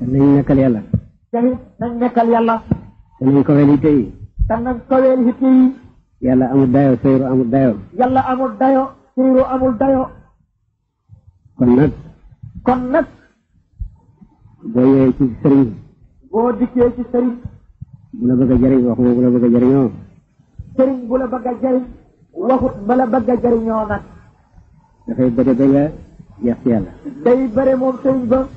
te nañ nekkal yàlla. te it nañ nekkal yàlla. te nañ ko wéli te yi. te nañ dayo seyru amul dayo. yàlla amul dayo seyru amul dayo. kon nag. kon ci sëriñ. boo dikkee ci sëriñ. bu la bëgg a jëriñ waxuma bu la bëgg a jëriñoo. sëriñ bu la bëgg a jëriñ. waxut ba la bëgg a jëriñoo nag. dafay bëre ba day bëre moom sëriñ ba.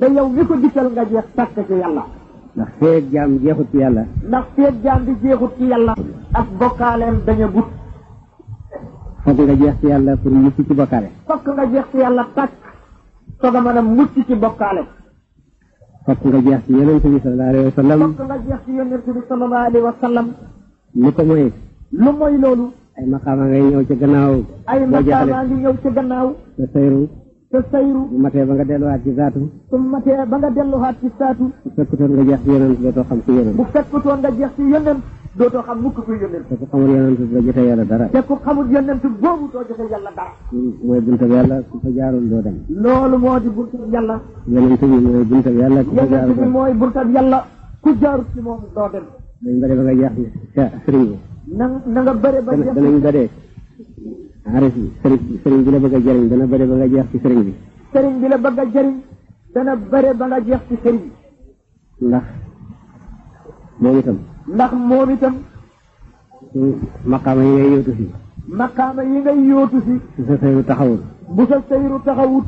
da yow mi ko dikkal nga jeex tàkk ci yàlla ndax feeg jaam jeexut ci yàlla ndax feeg jaam bi jeexut ci yàlla ak bokkaaleem daña gut fokk nga jeex ci yàlla pour mucc ci bokkaale fokk nga jeex ci yàlla tàkk soog a mën a mucc ci bokkaale fokk nga jeex ci yonent bi sallallahu alayhi wa sallam fokk nga jeex ci wa sallam lu ko mooy lu mooy loolu ay maqaama ngay ñëw ci gannaaw ay maqaama ngi ñëw ci gannaaw sa sayru te sayru bu matee ba nga delluwaat ci zaatu bu matee ba nga delluwaat ci zaatu bu fekkutoon nga jeex ci yonent dootoo xam ci yonent bu fekkutoon nga jeex ci yonent dootoo xam mukk kuy yonent te ku xamul yonent doo jotee yàlla dara te ku xamul yonent boobu doo jotee yàlla dara mooy buntab yàlla ku fa jaarul doo dem loolu moo di buntab yàlla yonent bi mooy buntab yàlla ku fa jaarul yonent bi mooy buntab yàlla ku jaarul ci moom doo dem dañ bëri ba nga jeex ci sëriñ bi na na nga bëri ba jeex danañ bëree arif yi sëriñ bi sëriñ bi la bëgg a jëriñ dana bëre ba nga jeex ci sëriñ bi sëriñ bi la bëgg a jëriñ dana bëre ba nga jeex ci sëriñ bi ndax moom itam ndax moom itam maqaama yi ngay yóotu si maqaama yi ngay yóotu si bu sa sëyru taxawut bu sa sëyru taxawut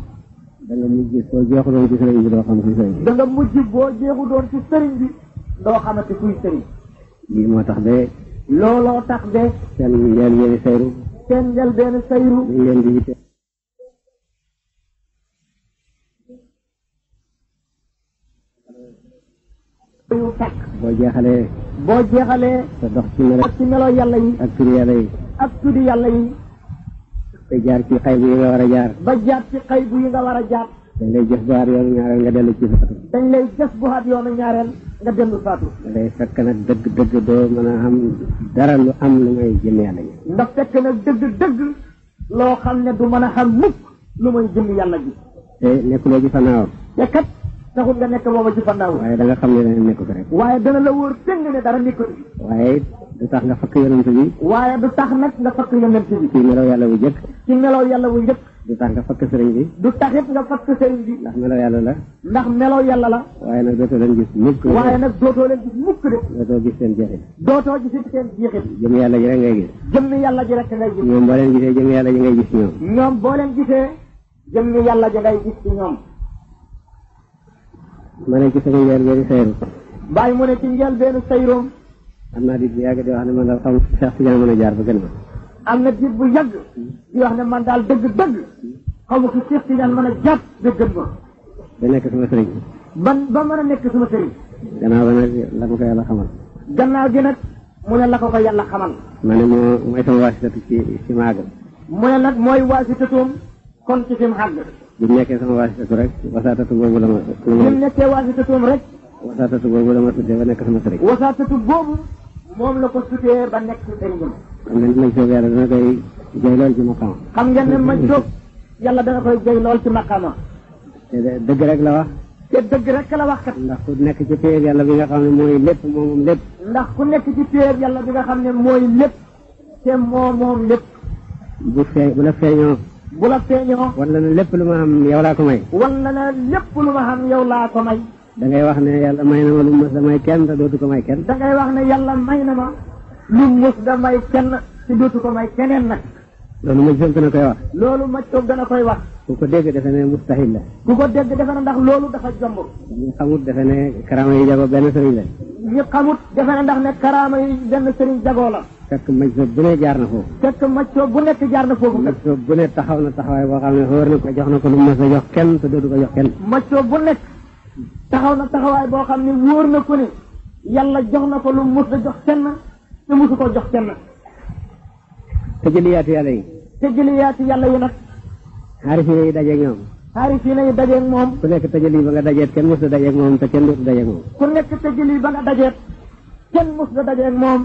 da nga mujj boo jeexu doon ci sëriñ bi doo xam ci sëriñ bi da nga mujj boo jeexu doon ci sëriñ bi doo xamante kuy sëriñ lii moo tax de looloo tax de seen njël yéeni sëyru seen njëlbeen sayru. ñu ngi leen di yitte. boo jeexalee. boo jeexalee. te ci melo ak ci yi. ak tuddi yàlla yi. ak tuddi yàlla yi. te jaar ci xaybu yi nga war a jaar. ba jaar ci xaybu yi nga war a jaar. dañ lay jëf bu xaat yoonu ñaareel nga dellu ci faatu dañ lay jëf bu xaat yoonu ñaareel nga dellu faatu day fekk nag a am dara lu am lu ndax fekk nag dëgg dëgg loo xam ne du mën a xam mukk lu may jëm yàlla ji te nekkuloo ci fanaaw te kat taxul nga nekk booba ci fanaaw waaye da nga xam ne dana nekk ko rek waaye dana la wóor dëng ne dara nekkul waaye du tax nga fakk yonent bi waaye du tax nag nga fakk yonent bi ci melaw yàlla bu njëkk ci melaw yàlla bu njëkk du tax nga fakk sëriñ bi du taxit nga fakk sëriñ bi ndax melo yàlla la ndax melo yàlla la waaye nag dootoo leen gis mukk waaye nag dootoo leen gis mukk de dootoo gis seen jeexit dootoo gisit seen jeexit jëm yàlla ji rek ngay gis jëm yàlla ji rek ngay gis ñoom boo leen gisee jëm yàlla ji ngay gis ñoom ñoom boo leen gisee jëm yàlla ji ngay gis ci ñoom ma ne ci sama njël benn sayru bàyyi mu ne ci njël benn sayroom am naa di bu yàgg di ne man daal xam Cheikh Tidiane mën a jaar ba gën ma am na diir bu yàgg di wax ne man daal dëgg-dëgg xaw ma ko Cheikh Tidiane mën a jàpp dëgg ma. ba nekk sama sëriñ. ban ba mën a nekk sama sëriñ. gannaaw ba nag la ma ko yàlla xamal. gannaaw gi nag mu ne la ko ko yàlla xamal. ma ne moo mooy sama waasitatu ci ci ma àgg. mu ne nag mooy waasitatoom kon ci fi mu àgg. bi mu nekkee sama waasitatu rek wasaatatu boobu la ma. bi mu nekkee waasitatoom rek. wasaatatu boobu la ma tuddee ba nekk sama sëriñ. wasaatatu boobu. moom la ko tuddee ba nekk sëriñam. xam ngeen ma jóg yàlla dana koy jay lool ci maqama. xam ngeen ne ma jóg yàlla dana koy jay lool ci maqama. te dëgg rek la wax. te dëgg rek la wax kat. ndax ku nekk ci téyeeb yàlla bi nga xam ne mooy lépp moom lépp. ndax ku nekk ci téyeeb yàlla bi nga xam ne mooy lépp. te moo moom lépp. bu feeñ bu la feeñoo. bu la feeñoo. wala na lépp lu ma am yow laa ko may. wala na lépp lu ma am yow laa ko may. da ngay wax ne yàlla may na ma lu mu mës da may kenn te dootu ko may kenn da ngay wax ne yàlla may na ma lu mu mës da may kenn te dootu ko may keneen nag loolu maj soog dana koy wax loolu maj soog dana koy wax ku ko dégg defe ne mustahil la ku ko dégg defe ne ndax loolu dafa jomb ñi xamut defe ne karaama yi jagoo benn sëriñ la ñi xamut defe ne ndax ne karaama yi benn sëriñ jagoo la fekk maj soog bu ne jaar na foofu fekk maj soog bu nekk jaar na foofu maj soog ne taxaw na taxawaay boo ne na ko jox na ko lu mu mës a jox kenn te dootu ko jox kenn maj soog bu taxaw na taxawaay boo xam ne wóor na ko ne yàlla jox na ko lu mu mës a jox kenn te mësu ko jox kenn. tëjëliyaatu yàlla yi. tëjëliyaatu yàlla yi nag. xaarifina yi dajeeg ñoom. xaarifina yi dajeeg moom. ku nekk tëjëli ba nga dajeet kenn mës a dajeeg moom te kenn dootu dajeeg moom. ku nekk tëjëli ba nga dajeet kenn mës a dajeeg moom.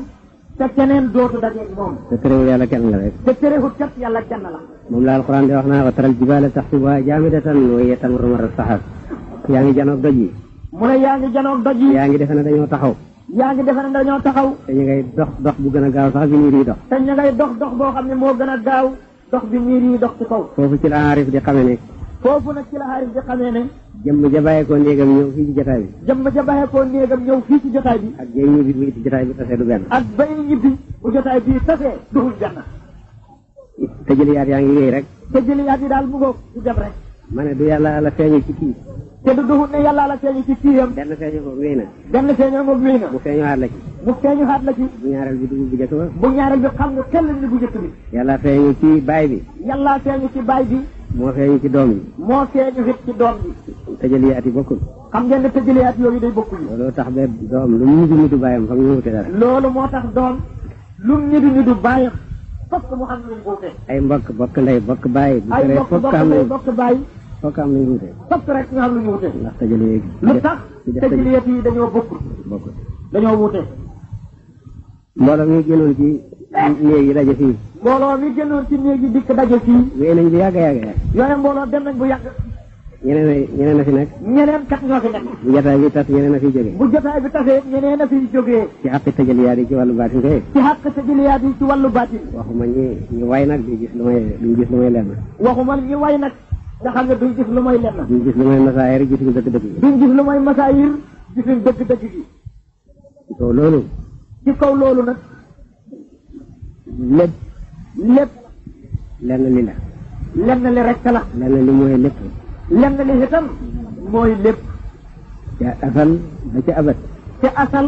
te keneen dootu dajeeg moom. te terewul yàlla kenn la rek. te terewul kat yàlla kenn la. moom la alquran di wax naa wa taral jibaala taxsibuhaa jaamidatan wa hiya tamurru marra saxaab yaa ngi janoog doj yi mu ne yaa ngi janoog doj yaa ngi defe ne dañoo taxaw yaa ngi defe ne dañoo taxaw te ñu dox dox bu gën a gaaw sax bi niir yi dox te ñu dox dox boo xam ne moo gën a gaaw dox bi niir yi dox ci kaw foofu ci la aarif di xamee ne foofu nag ci la aarif di xamee ne jëmm ja bàyyeekoo néegam ñëw fii ci jotaay bi jëmm ja bàyyeekoo néegam ñëw fii ci jotaay bi ak bay ñibbi bu ci jotaay bi tasee du benn ak bay ñibbi bu jotaay bi tasee duhul benn te jëliyaat yaa ngi wéy rek te jëliyaat yi daal mu ngoog du ma yàlla la feeñu ci kii te du duhut ne yàllaa la feeñu ci kiiyam. benn feeñu ko wéy na. mu feeñu xaat la ci. mu feeñu xaat la ci. bu ñaareel bi du bu njëkk ba. bu bi xam nga kenn lañu bu njëkk bi. yàllaa feeñu ci baay bi. yàllaa feeñu ci baay bi. moo feeñu ci doom bi. moo feeñu it ci doom bi. tëjaliyaat yi bokkul. xam ngeen ne tëjaliyaat yooyu day bokkul. loolu tax ba doom lu mu ñu ñu du bàyyam xam nga moo tax doom lu mu ñu du ñu du bàyyam fokk mu xam ay mbokk bokk ndey bokk bàyyi. ay mbokk bokk ndey bokk bàyyi fokk am lu ñu wutee fokk rek nga lu ñu wutee ndax tajaliyeeg lu tax tajaliyeeg dañoo bokk bokk dañoo wutee mbooloo mi génnoon ci néeg yi daje fii mbooloo mi génnoon ci néeg yi dikk daje fii wéy nañ bu yàgg yàgg yàgg yooyu mbooloo dem nañ bu yàgg ñeneen ñeneen a fi nekk ñeneen kat ñoo fi nekk bu jotaay bi tas ñeneen a fiy jógee bu jotaay bi tasee ñeneen a fiy jógee ci àq tajaliyaat ci wàllu baatin kay ci àq tajaliyaat yi ci wàllu baatin waxuma ñi ñu way nag di gis lu may duñ gis lu may lenn waxuma ñi way nag nga xam ne duñ gis lu mooy lenn. duñ gis lu mooy masaayir gisuñ dëgg-dëgg gi. duñ gis lu mooy loolu. ci kaw loolu nag. lépp. lépp. lenn li la. lenn li rek la. lenn li mooy lépp. lenn li itam mooy lépp. ca asal ba ca abat. asal.